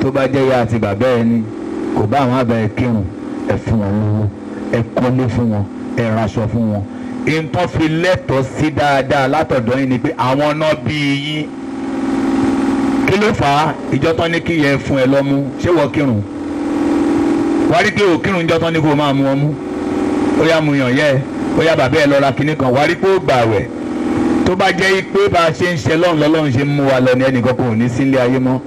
tó bá jẹ́ ìyá àti bàbá ẹ ni kò bá àwọn àbẹ̀ kírun ẹ fún wọn lówó ẹ kọ́lé fún wọn ẹ raṣọ fún wọn nǹkan fi lẹ́tọ̀ọ́ sí dáadáa látọ̀dọ̀ yín ni pé àwọn náà bí yín kí ló fà á ìjọ tán ní kí yẹn fún ẹ lọ́mú ṣé wọ́n kírun wàá pé òkírun ìjọ tán ní kó máa mú ọmú ó yá mu yàn yẹ ó yá bàbá ẹ lọ ra kinní kan wàá pé ó gbà wẹ̀ tó bá jẹ́ pé bá a ṣe ń ṣe lọ́run lọ́lọ́run ṣe ń mú wa lọ ní ẹnìkan kò ní sílé ayé mọ́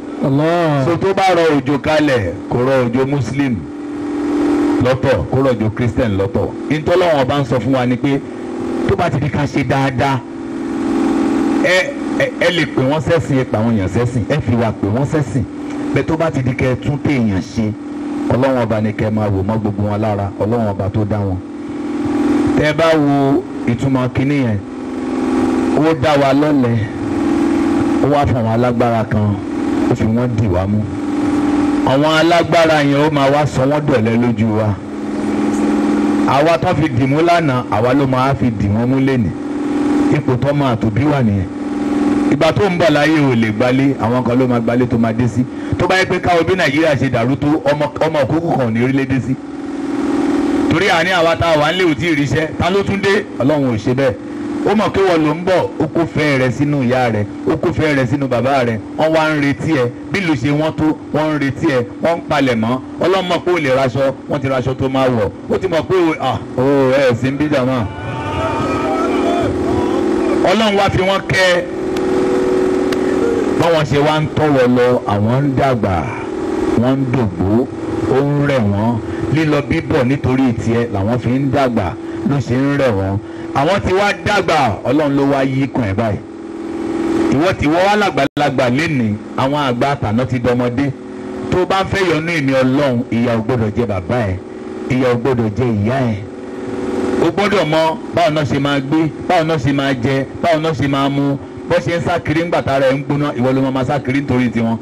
so tó bá rọ òjò kalẹ̀ kò rọ òjò muslim lọ́tọ̀ kó rọ òjò christian lọ́tọ̀ ìtọ́lọ́wọ̀n bá ń sọ fún wa ni pé tó bá ti di ká ṣe dáadáa ẹ ẹ lè pè wọ́n sẹ́sìn ẹ pa àwọn èèyàn sẹ́sìn ẹ fi wà pè wọ́n sẹ́sìn bẹ́ẹ̀ tó bá ti di kẹ́ tún téèyàn ṣe ọlọ́wọ́n ọba ni kẹ́ máa wò mọ́ gbogbo wọn lára ọlọ́wọ́n ọba tó dá wọn tẹ́ bá wo ìtumọ̀ kínní yẹn ó dá wa lọ́lẹ̀ ó wá fún àwọn alágbára kan ó fi wọ́n dì wá mú àwọn alágbára yẹn ó máa wá sọ wọ́n dọ̀lẹ́ lójú wa àwa tó fi dìmú lánàá àwa ló máa fi dìmú mú lẹ́nì ipò tó máa tó bí wà nìyẹn ìgbà tó ń bọ̀ láyé ò lè gbalé àwọn kan ló máa gbalé tó máa dé sí tó bá yẹ pé káwọn bí nàìjíríà ṣe dàrú tó ọmọ òkúkú kan ò ní rí lédè sí torí àní àwa tá a wà ń lé òtí ìríṣẹ́ ta ló tún dé ọlọ́run ò ṣe bẹ́ẹ̀ ó mọ̀ pé wọ́n ló ń bọ̀ ó kó fẹ́ rẹ̀ sínú ìyá rẹ̀ ó kó fẹ́ rẹ̀ sínú bàbá rẹ̀ wọ́n wá ń retí ẹ bí ló ṣe wọ́n tó wọ́n ń retí ẹ wọ́n ń palẹ̀ mọ́ ọlọ́mọ pé ó lè raṣọ wọ́n ti raṣọ tó máa wọ̀ ó ti mọ̀ pé ó ah, ẹ̀ sí ń bí jàmọ́ ọlọ́run wá fi wọ́n kẹ́ báwọn ṣe wá ń tọ̀wọ̀ lọ àwọn ń dàgbà wọ́n ń dògbó ó ń rẹ̀ wọ́n lílọ bíbọ̀ nítorí tiẹ̀ làwọn fi ń dàgbà ló ṣe ń rẹ̀ wọ́n àwọn tí wá dàgbà ọlọ́run ló wá yí kan ẹ̀ báyìí ìwọ tí wọ́n wá làgbàlagbà lénìí àwọn àgbà àtàná ti dọmọdé tó bá ń fẹ́ yọnú ìní ọlọ́run ìyà ò gbọ́dọ̀ jẹ bàbá ẹ̀ ìyà ò gbọ́dọ̀ jẹ ìyá ẹ̀ o gbọ́dọ̀ mọ báwo náà ṣe máa gbé báwo náà ṣe máa jẹ báwo náà ṣe máa mu bó ṣe ń sákiri ńgbà tára ẹ̀ ń gbóná ìwọ ló máa sákiri nítorí tiwọn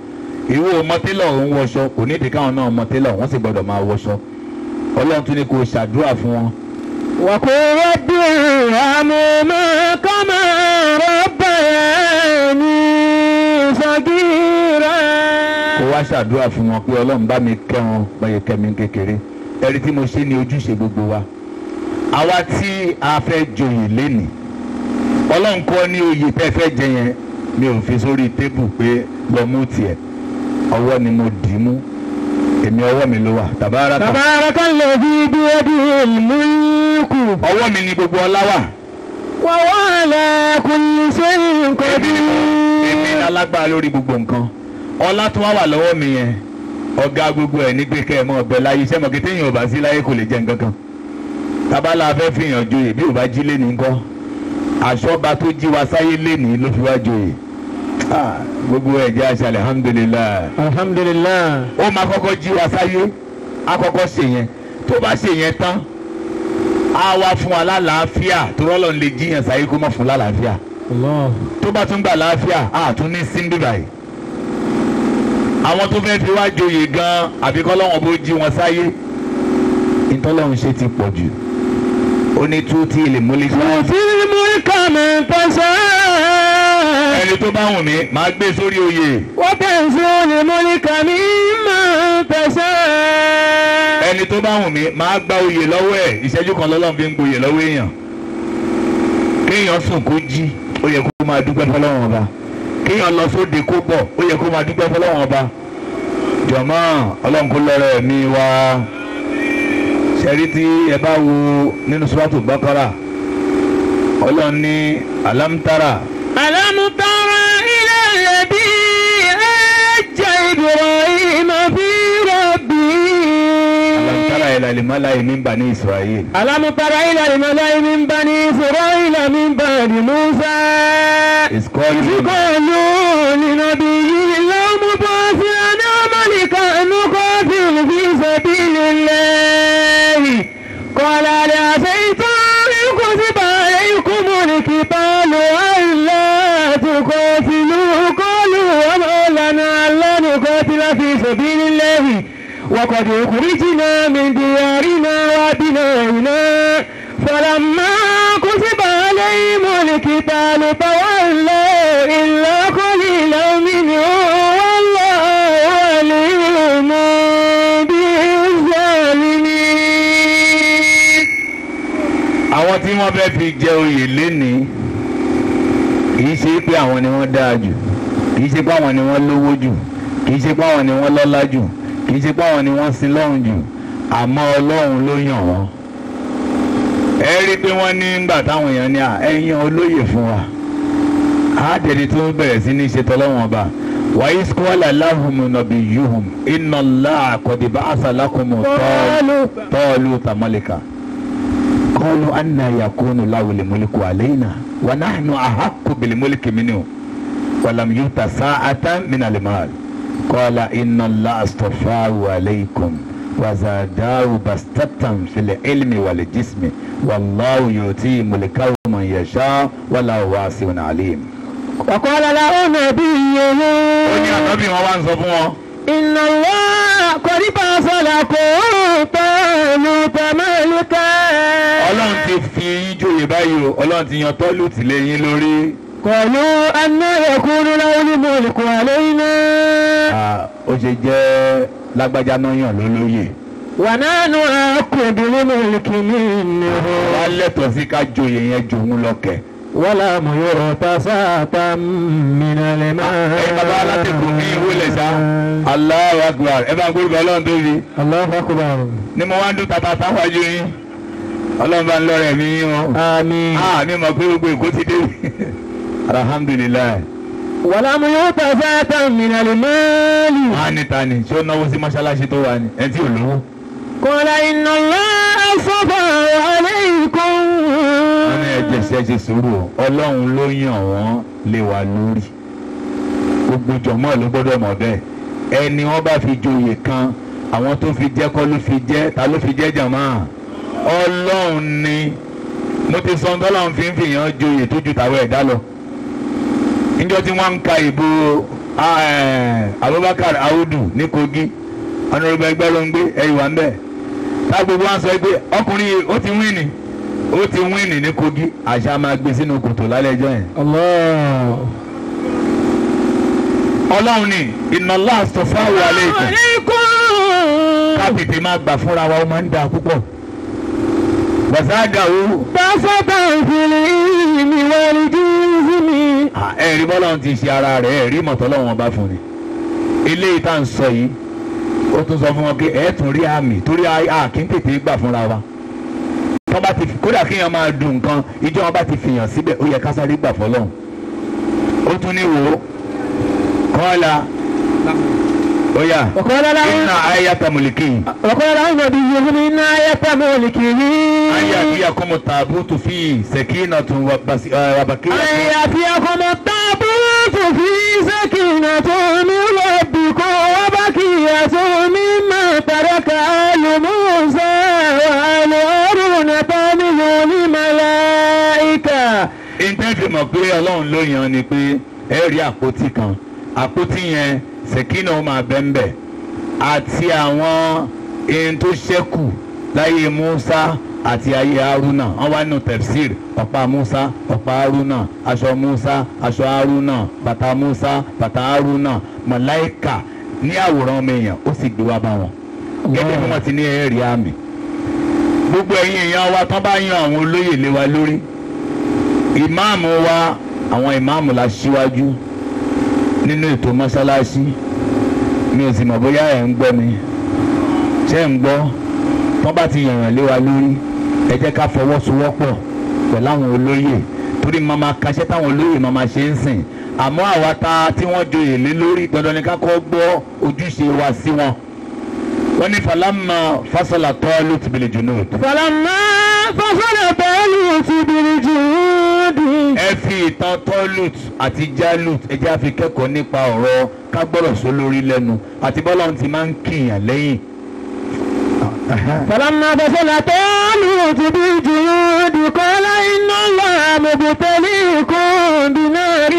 ìwọ mọtélọ̀ ń wọṣọ kò ní ìdíkàwọn náà mọtélọ̀ wọ́n sì gbọ́dọ̀ máa wọṣọ ọlọ́run tún ní kó ṣàdúrà fún wọn وقل رب ارحمهما كما ربياني صغيرا kó wá ṣàdúrà fún wọn pé ọlọ́run bá mi kẹ́ wọn báyìí kẹ́ mi kékeré ẹ̀rí tí mo ṣe ni ojúṣe gbogbo wa àwa tí a fẹ́ joyè lénìí ọlọ́run kọ́ ní oyè tẹ́ fẹ́ jẹ mi ò fi sórí tébù pé lọ mú tiẹ̀ ọwọ́ ni mo dì í mú èmi ọwọ́ mi ló wà. tabaraka tabaraka lẹ́bí bíẹ́dì ìlúkù. ọwọ́ mi ni gbogbo ọlá wà. wàwọ́ àlẹ́ kùnú sẹ́yìn nǹkan bí. èmi lálágbára lórí gbogbo nǹkan ọlá tó wà lọ́wọ́ mi yẹn ọ̀gá gbogbo ẹ̀ ní gbẹ́kẹ́ ẹ̀ ọ̀bẹ láyé iṣẹ́ mọ̀kí téèyàn ò bá sí láyé kò lè jẹ́ nǹkan kan. tábàlà afẹ́ fìyàn joyè bí ò bá jí lé ní nǹkan àṣọba tó jí wa sáyé lé ní ló fi wá joyè. Ah, gbogbo ẹ̀jẹ̀ àṣà alihamudulilayi. alihamudulilayi. ó máa kọ́kọ́ jí wa sáyé akọ́kọ́ ṣe yẹn tó bá ṣe yẹn tán á wá fún wa lálàáfíà tó rọ́lọ́ ń lè jíyàn sáyé kó má fún lálàáfíà. tó bá tún gbà láàfíà á tún ní síndì báyìí. àwọn tó fẹ́ fi wá joyè gan-an àbíkọ́ lọ́wọ́n bó jí wọn sáyé ìtọ́lọ́run ṣe ti pọ̀ jù ó ní tú tí ilé múlẹ̀. mo ti rí múlẹ̀ kàmí pẹ̀sẹ̀ ẹni tó bá wùn mí màá gbé e sórí oyè. wọ́n tẹ̀sí olè mọ́líkà mi máa tẹ̀sẹ̀. ẹni tó bá wùn mí màá gba oyè lọ́wọ́ ẹ̀ ìṣẹ́jú kan lọ́lọ́run fi ń gboyè lọ́wọ́ èèyàn. kéèyàn sùn kó jí ó yẹ kó máa dúpẹ́ fọlọ́run ọba kéèyàn lọ sóde kó bọ̀ ó yẹ kó máa dúpẹ́ fọlọ́run ọba. jọ̀mọ́ ọlọ́run kó lọ́rọ̀ ẹ̀mí wa ṣẹ́rí tí ẹ bá wo nínú Suratul Baqara ọlọ́run ní alamtara ألم تر إلى الذي أجى إبراهيم في ربه ألم تر إلى الملأ من بني إسرائيل ألم تر إلى الملأ من بني إسرائيل من بعد موسى إذ قالوا لنبي الله في سبيل الله وقد أخرجنا من ديارنا وأبنائنا فلما كتب عليهم القتال تولوا إلا قليلا منهم والله عليم بالظالمين àwọn tí wọ́n fẹ́ fi jẹ oyè lénìí kì í ṣe pé àwọn ni wọ́n dáa jù kì í ṣe pé àwọn ni wọ́n lówó jù kì í ṣe pé àwọn ni wọ́n lọ́lá jù kì í ṣe pé àwọn ni wọ́n sin lọ́run jù àmọ́ ọlọ́run ló yàn wọ́n. ẹ rí i pé wọ́n ní ńgbà táwọn èèyàn ní à ẹ yan olóyè fún wa àádẹ́ni tó bẹ̀rẹ̀ sí ní ṣe tọ́lọ́wọ́n ọba wàyí sukọ́lá láhùnmù nàbí yùhùn iná ńlá àṣàlákùnmù tọ́ọ̀lù tàmọ́lìkà kọ́lù anna yakunu láwùlẹ̀ mọ́lìkù àlẹ́yìnà wà náà nù àhàkù mọ́lìkì mìíràn wàlàmù yóò tà sáà átá mìíràn lè kọ́lá iná láàstọ̀fà wàlẹ́kùn wàzàdáwù bàstẹ́tàn filẹ̀ ilmi wàlẹ̀ jísmi wàláwù yóò tí mùlẹ̀káwù mọ̀ yẹ̀ṣá wàlá wà síun àlìm. ọ̀kọ́lá làwọn nàbí yẹn. ó ní àtọ́bí wọn wá ń sọ fún wọn. iná wá kọ́rípa sọ̀lá kò pẹ̀lú pẹ̀mẹ́lú kẹ́. ọlọ́run ti fi yín jòyè báyìí o ọlọ́run ti yan tọ́lù tìlẹ́yìn lórí. قالوا أنا يكون له الملك علينا ó ṣe jẹ́ lágbájá náà yàn lólóyè. wànánú akọ̀bìnrin mọ̀lìkì ní ìnira. wàá lẹ́tọ̀ọ́ sí ká joyè yẹn jòun lọ́kẹ̀. wàlá mọ̀yọ́rọ̀ ta sáàtà mìíràn lè máa. ẹ bàbá alátẹ̀kùn ní ìwúlẹ̀ sá. Allahu Akbar ẹ bá ń gbórúkọ ọlọ́run tó yé. Allahu Akbar. ni mo wá ń dún tata táwa ju ọlọ́run bá ń lọ́rẹ̀ mi yín o. àmín. àmín mọ̀ pé gbogbo èkó ti dé alhamdulilayi. wàlámù yóò tà sáàtà mìnàlì mẹ́ẹ̀lì. a ní ta ni ṣé ó náwó sí mọ́ṣáláṣí tó wà ní ẹ tí ò lówó. kọ́lá iná lọ́ọ́ sọ́fà alẹ́ ikọ́. wọ́n ní ẹ̀jẹ̀ sí ẹ̀jẹ̀ sùúrù ọlọ́run ló yàn wọ́n lé wa lórí. gbogbo jọ̀mọ́ ló gbọ́dọ̀ mọ̀ bẹ́ẹ̀ ẹni wọ́n bá fi joyè kan àwọn tó fi jẹ́ kọ́ ló fi jẹ́ ta ló fi jẹ́ jàmá ọlọ́run ni mo ti sọ ń tọ́lọ́run fi ń fìyàn joyè tó ju tàwọn ẹ̀dá lọ níjọ́ tí wọ́n ń ka ìbò eh, Abubakar Audu ní Kogi ọ̀nàrọ̀gbọ̀n ẹgbẹ́ ló ń gbé ẹ̀yìn wà ń bẹ̀ tá gbogbo sọ pé ọkùnrin yìí ó ti wíìnì ó ti wíìnì ní Kogi àṣà máa gbé sínú kòtò lálẹ́ ẹjọ́ yẹn. ọlọ́run ni inna Allah astafa wa aleikum ká máa gbà fúnra wa ó máa ń da púpọ̀ wàsáàgà o. bá a sábà ń lè yí mi wọ́n rí sí mi ẹ̀rí bọ́lá ti ṣe ara rẹ̀ ẹ̀rí mọ̀tọ́lọ́wọ́n bá fún ni eléyìí tá à ń sọ yìí ó tún sọ fún wọn pé ẹ̀ tún rí àmì torí àkí ń tètè gbà fúnra wa tọ́ba ti kódà kéèyàn máa dùn nǹkan ìjọ wọn bá ti fìyàn síbẹ̀ ó yẹ ká sáré gbà fọlọ́hún ó tún ní wò ó kọ́ńlá ó yà iná ayé tamoliki. ọ̀kọ́lá láwọn ọ̀dọ́ ìyẹ́fún iná ayé tamoliki yìí an ya'tiyakum at-tabutu fihi sakinatun wa baqiyyatun. an ya'tiyakum at-tabutu fihi sakinatun min rabbikum wa baqiyyatun mimma taraka alu Musa wa alu Haruna tamizuni màláìkà. ìtẹ́fì mọ̀ pé ọlọ́run ló yan ni pé ẹ rí àpótí kan àpótí yẹn sèkínà máa bẹ́ẹ̀ àti àwọn ohun tó ṣẹ́kù láyé Musa àti ayé haruna wọ́n wá nù tẹ̀fsíìr ọ̀pá musa ọ̀pá haruna aṣọ musa aṣọ haruna bàtà musa bàtà haruna màláìkà ní àwòrán ọmọ èèyàn ó sì gbé wá bá wọn gẹ́gẹ́ bí wọ́n ti ní ẹ̀rí àmì gbogbo ẹ̀yin èèyàn wa tán bá yan àwọn olóyè lé wa lórí ìmáàmù wa àwọn ìmáàmù la ṣíwájú nínú ètò mọ́ṣáláṣí mi ò sì mọ̀ bóyá ẹ̀ ń gbọ́ mi ṣé ń gbọ́ tán bá ti yàn yàn lé wa lórí ẹ jẹ́ ká fọwọ́sowọ́pọ̀ pẹ̀lú àwọn olóyè torí màá máa kaṣẹ́ táwọn olóyè màá máa ṣe ń sìn àmọ́ àwa ta tí wọ́n joyè lé lórí dandan ni ká kọ́ gbọ́ ojúṣe wa sí wọn. wọ́n ní falama fasala tọ́lù ti bìlì jùnú. falama fasala tọ́lù ti bìlì jùnú. ẹ fi ìtàn tọ́lù àti jálù ẹ jẹ́ àfi kẹ́kọ̀ọ́ nípa ọ̀rọ̀ ká gbọ́dọ̀ sólórí lẹ́nu àti bọ́lá ti máa ń kìyàn lẹ́yìn فلما فصل طالوت بالجنود قال إن الله مبتليكم بنار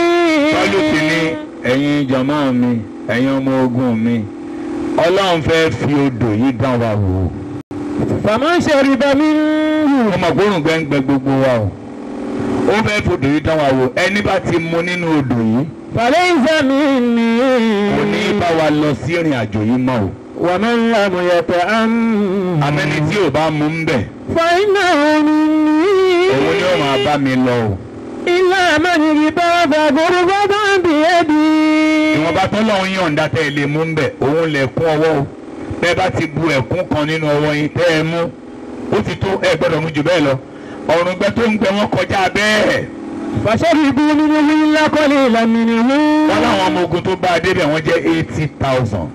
طالوت ní ẹ̀yin jàmáà mi ẹ̀yin ọmọ ogun mi ọlọ́run fẹ́ fi odò yìí dán wa wò. fàmọ́ ṣẹ̀rí mi ń wù. ọmọ gbórùn gbẹ́ngbẹ́ gbogbo wa o ó fẹ́ fòdò yìí dán wa wò ẹni bá ti mu nínú odò yìí. fàlẹ́ ìfẹ́ mi ni. kò ní bá wa lọ sí ìrìn àjò yìí mọ́ o wà mí lámù yẹtẹ án. àtẹni tí ò bá mú ń bẹ̀. fáínà omi ni. òun yóò máa bá mi lọ o. ilé àmọ́nìyí bá bá gbogbo bá ń bì é bí. ìwọ̀nba tó lọ́wọ́ yọ̀ǹda tẹ́ ẹ lè mú ń bẹ̀ òun lè kún ọwọ́ o bẹ́ bá ti bu ẹ̀kún kan nínú ọwọ́ yín tẹ́ ẹ mú ó ti tó ẹ gbọ́dọ̀ mú jù bẹ́ẹ̀ lọ ọ̀rùn gbẹ tó ń gbẹ wọn kọjá bẹ́ẹ̀ fàṣẹ́bí ibú nínú ilé ńlá kọ́lé ìlànà nínú. wọ́n láwọn ọmọ ogun tó bá a débẹ̀ wọ́n jẹ́ eighty thousand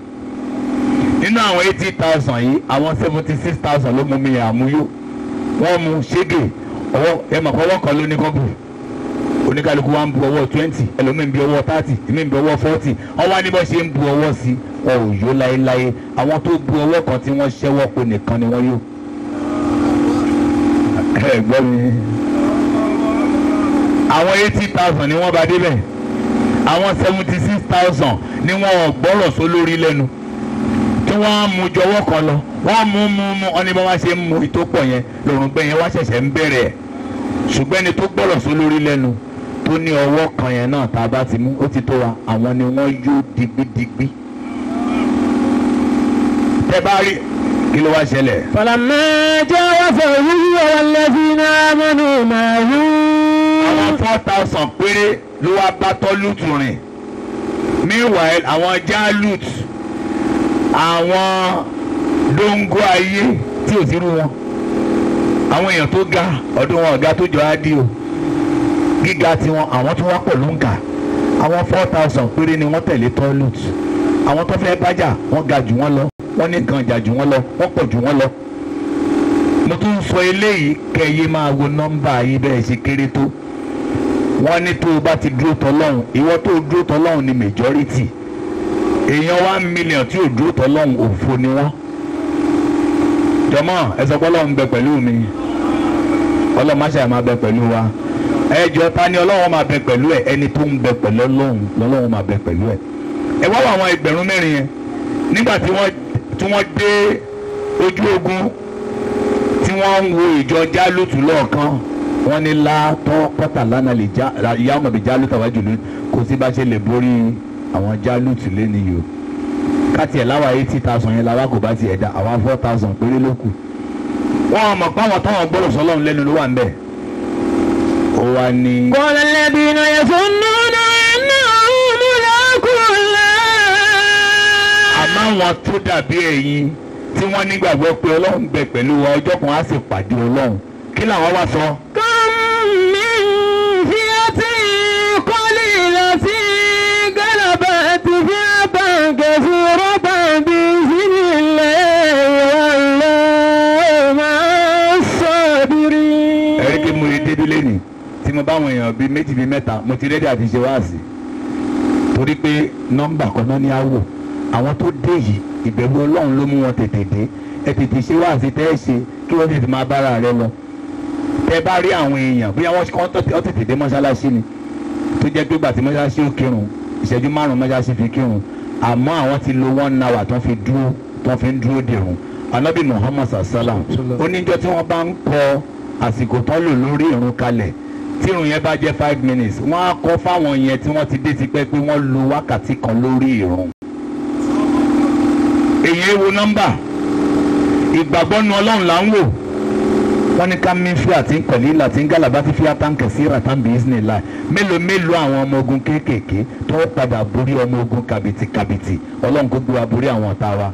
nínú àwọn eighty thousand yìí àwọn seventy six thousand ló mú mi àmúyó wọ́n mú ṣégè ọwọ́ ẹ mọ̀ fọwọ́ kan ló ní kọ́bù oníkálukú wa ń bu ọwọ́ twenty ẹlòmíín bí ọwọ́ thirty èmi ń bu forty ọwọ́ aníbọ̀ ṣe ń bu ọwọ́ sí wọn ò yó láéláé àwọn tó bu ọwọ́ kan tí wọ́n ṣẹ́wọ́ pé nìkan ni wọ́n yó. ẹgbẹ́ mi àwọn eighty thousand ni wọ́n bá débẹ̀ àwọn seventy six thousand ni wọ́n gbọ́rọ̀ sólórí lẹ́nu tí wọ́n á mu jọwọ́ kan lọ wọ́n á mu mu mu ọ́n ní bá wá ṣe ń mu ìtòpọ̀ yẹn lòrùn gbẹ yẹn wá ṣẹ̀ṣẹ̀ ń bẹ̀rẹ̀ ṣùgbọ́n ẹni tó gbọ́dọ̀ só lórí lẹ́nu tó ní ọwọ́ kan yẹn náà tá a bá ti mú ó ti tó wa àwọn ni wọ́n yó digbidigbi. tẹ bá rí kí ló wá ṣẹlẹ̀. falamma jawaza huwa wallazina amanu ma'ahu. àwọn four thousand péré ló wá bá Tọ́lútù rìn meanwhile àwọn Jálútù àwọn dóńgó ayé tí ò sírú wọn àwọn èèyàn tó ga ọdún wọn ọ̀gá tó jọ á dí o gíga tiwọn àwọn tí wọ́n pọ̀ ló ń kà àwọn four thousand péré ni wọ́n tẹ̀lé toilet àwọn tó fẹ́ bájà wọ́n ga jù wọ́n lọ wọ́n ní nǹkan jà jù wọ́n lọ wọ́n pọ̀ jù wọ́n lọ. mo tún ń sọ eléyìí kẹyẹ máa wo nọ́mbà yìí bẹ́ẹ̀ ṣe kéré tó wọ́n ní tó o bá ti dúró tọ́lọ́hún ìwọ tó o dúró tọ́lọ́hún ni majority èèyàn one million tí ò dúró tọ́lọ́hún òfo ni wọ́n jọmọ ẹsẹ pọlọrun bẹ pẹ̀lú mi Ọlọ́run máṣe máa bẹ pẹ̀lú wa ẹjọ ta ni Ọlọ́run máa bẹ pẹ̀lú ẹ ẹni tó ń bẹ pẹ̀lú Ọlọ́run lọ́lọ́run máa bẹ pẹ̀lú ẹ ẹ wá wọ àwọn ẹgbẹ̀rún mẹ́rin yẹn nígbà tí wọ́n tí wọ́n dé ojú ogun tí wọ́n ń wo ìjọ jálùtù lọ́ọ̀kan wọ́n ní látọ́ kọ́tà lánàá lè já ìyá ọmọ mi jálùtà wájú ni kò sí bá ṣe lè borí àwọn jálùtù lẹ́nu yìí o káti ẹ̀ láwa eighty thousand yẹn làwa kò bá tiẹ̀ dá àwa four thousand péré ló kù wọn mọ̀ páwọn táwọn gbọ́dọ̀ sọlọ́run lẹ́nu ló wà ń bẹ̀ ó wá ní. kọ́lá lẹ́bi iná yẹn fún nínú iná mú lọ́kùnrin. àmọ́ àwọn tó dàbí ẹ̀yin tí wọ́n nígbàgbọ́ pé ọlọ́run bẹ pẹ̀lú wa ọjọ́ kan á sì pàdé ọlọ́run kí làwọn wá sọ. كثيرة بإذن الله والله مع الصابرين. ẹ̀rí pé mo lè débi lẹ́nu tí mo bá àwọn èèyàn bíi méjì bíi mẹ́ta mo ti rẹ́dí àti ṣe wáàsí torí pé nọ́mbà kan náà ni a wò àwọn tó dé yìí ìbẹ̀rù ọlọ́run ló mú wọn tètè dé ẹ tètè ṣe wáàsí tẹ́ ẹ ṣe kí wọ́n tètè máa bára rẹ lọ tẹ́ bá rí àwọn èèyàn bóyá wọ́n tètè dé mọ́ṣáláṣí ni tó jẹ́ pé gbà mọ́ṣáláṣí ó kírun ìṣẹ́jú márùn-ún mọ́ṣáláṣí fi kírun àmọ́ àwọn ti lo one hour tó fi dúró tó fi ń dúró dèrò anabi muhammad sallam oníjọ tí wọ́n bá ń kọ àsìkò tán lò lórí ìrun kalẹ̀ tí ìrun yẹn bá jẹ́ five minutes wọ́n á kọ fáwọn yẹn tí wọ́n ti dé tipẹ́ pé wọ́n lo wákàtí kan lórí ìrun. èyí ewu nọ́mbà ìgbàgbọ́nu ọlọ́run là ń wò wọ́n ní ká mi fi àti nkọ̀lí láti ngálàbá ti fi àtàǹkà sí ràtàǹbì ìsìnìlá mélòó mélòó àwọn ọmọ ogun kéékèèké tó padà borí ọmọ ogun kàbìtì kàbìtì ọlọ́run kó gbé borí àwọn ọ̀tá wa.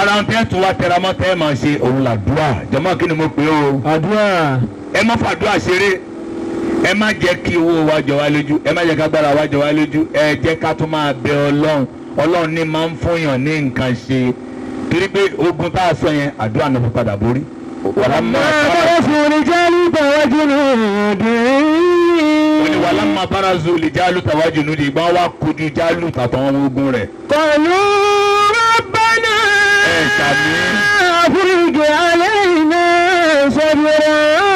ara ń tẹ́ tó wa tẹramọ́ tẹ́ máa ṣe òun làdúrà jọmọ́ kí ni mo pè o. àdúrà. ẹ má fàdúrà ṣeré ẹ má jẹ́ kí owó wa jọ wá lójú ẹ má jẹ́ ká gbára wa jọ wá lójú ẹ jẹ́ ká tún máa bẹ ọlọ́run ọlọ́run ní máa ń fúnyàn ní nǹkan ṣe torí pé ogun tá a sọ yẹn àdúrà náà fi padà borí. wàlámà farazu lìjálù tàwájúlù dìín. ó ní wàlámà farazu lìjálù tàwájúlù dìín ìgbà wa kojú jálù tàtàwọn ogun rẹ̀. kọlu rabbana. ẹ ṣàmì. àfúrújì alẹ́ iná sọ́dúnrún.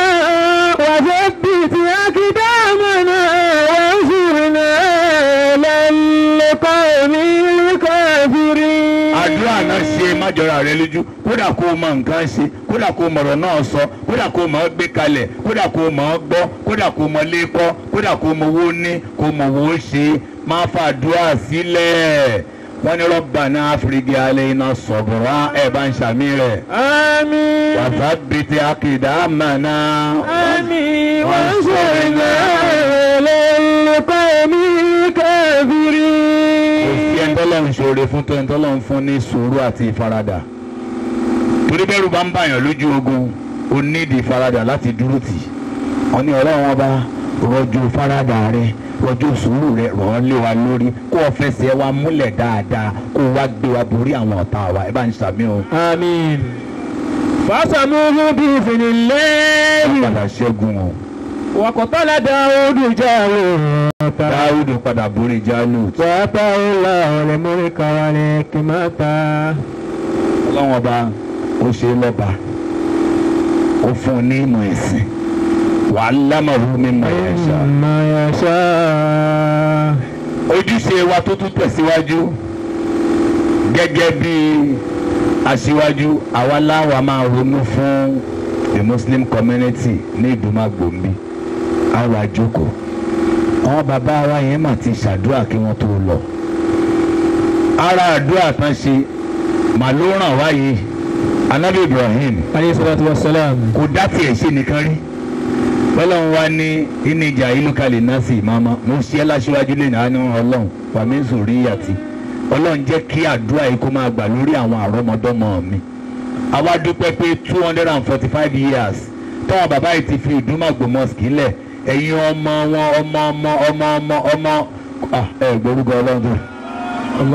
àdúrà náà ṣe májọra rẹ lójú kódà kó o mọ nǹkan ṣe kódà kó o mọ̀rọ̀ náà sọ kódà kó o mọ̀ gbé kalẹ̀ kódà kó o mọ̀ ọ́ kódà kó o mọ̀ lé kọ́ kódà kó o mọ̀ owó ní kó o mọ̀ owó ṣe máa fa àdúrà sílẹ̀ wọ́n ní rọ́bàná áfíríkì alẹ́ iná sọ̀bùrọ̀ ẹ̀ bá ń ṣàmì rẹ̀. àmín. wàfà bìtì àkìdá màná. àmín wọ́n ń ṣe ìgbà lẹ́yìn lẹ́kọ̀ọ́ mi. lóore fún tó ẹni tọ́lọ́run fún ní sùúrù àti ìfaradà torí bẹ́rù bá ń bàyàn lójú ogun ó nídìí ìfaradà láti dúró tì wọ́n ní ọlọ́run ọba rọ̀jò faradà rẹ rọ̀jò sùúrù rẹ rọ̀ lé wa lórí kó o fẹsẹ̀ wa múlẹ̀ dáadáa kó o wá gbé wa borí àwọn ọ̀tá wa ẹ bá ń sàmì o. àmín fásánúhù bí ìfìnnìlẹ́yìn. wọ́n padà ṣẹ́gun o. wàkọ̀tọ́lá dáhùn dùn dáwùdù padà borí jálùtù. wàhálà ọ̀la ọ̀rẹ́ mórí kàwálẹ̀ kì má ta. ọlọ́wọ́n bá ó ṣe lọ́ba ó fún un ní ìmọ̀ ẹ̀sìn wàá lámàrú mímọ̀ ẹ̀ṣá. mímọ̀ ẹ̀ṣá. ojúṣe wa tó tún tẹ̀síwájú gẹ́gẹ́ bí aṣíwájú àwa láwa máa ronú fún the muslim community ní ìdúmàgbòmí àwa jókòó àwọn bàbá wa yẹn mà ti ṣàdúrà kí wọ́n tó lọ ara àdúrà tán ṣe mà ló ràn wáyé anabi ibrahim alayhi salatu wa salam kò dá tiẹ̀ ṣe nìkan rí fọlọ́run wa ní inú ìjà ìlú kalẹ̀ náà sì mama mo ṣe é láṣíwájú lè náà ní ọlọ́run wàmí sòrí àti ọlọ́run jẹ́ kí àdúrà yìí kó máa gbà lórí àwọn àrọ́mọdọ́mọ mi àwa dúpẹ́ pé two hundred and forty five years táwọn bàbá yìí ti fi ìdúmọ̀gbò mosque lẹ̀ ẹ̀yin ọmọ wọn ọmọ ọmọ ọmọ ọmọ ọmọ ah, ẹ gbórúkọ ọlọ́run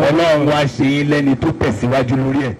ọlọ́run wá ṣe yín lẹ́ni tó tẹ̀síwájú lórí ẹ̀.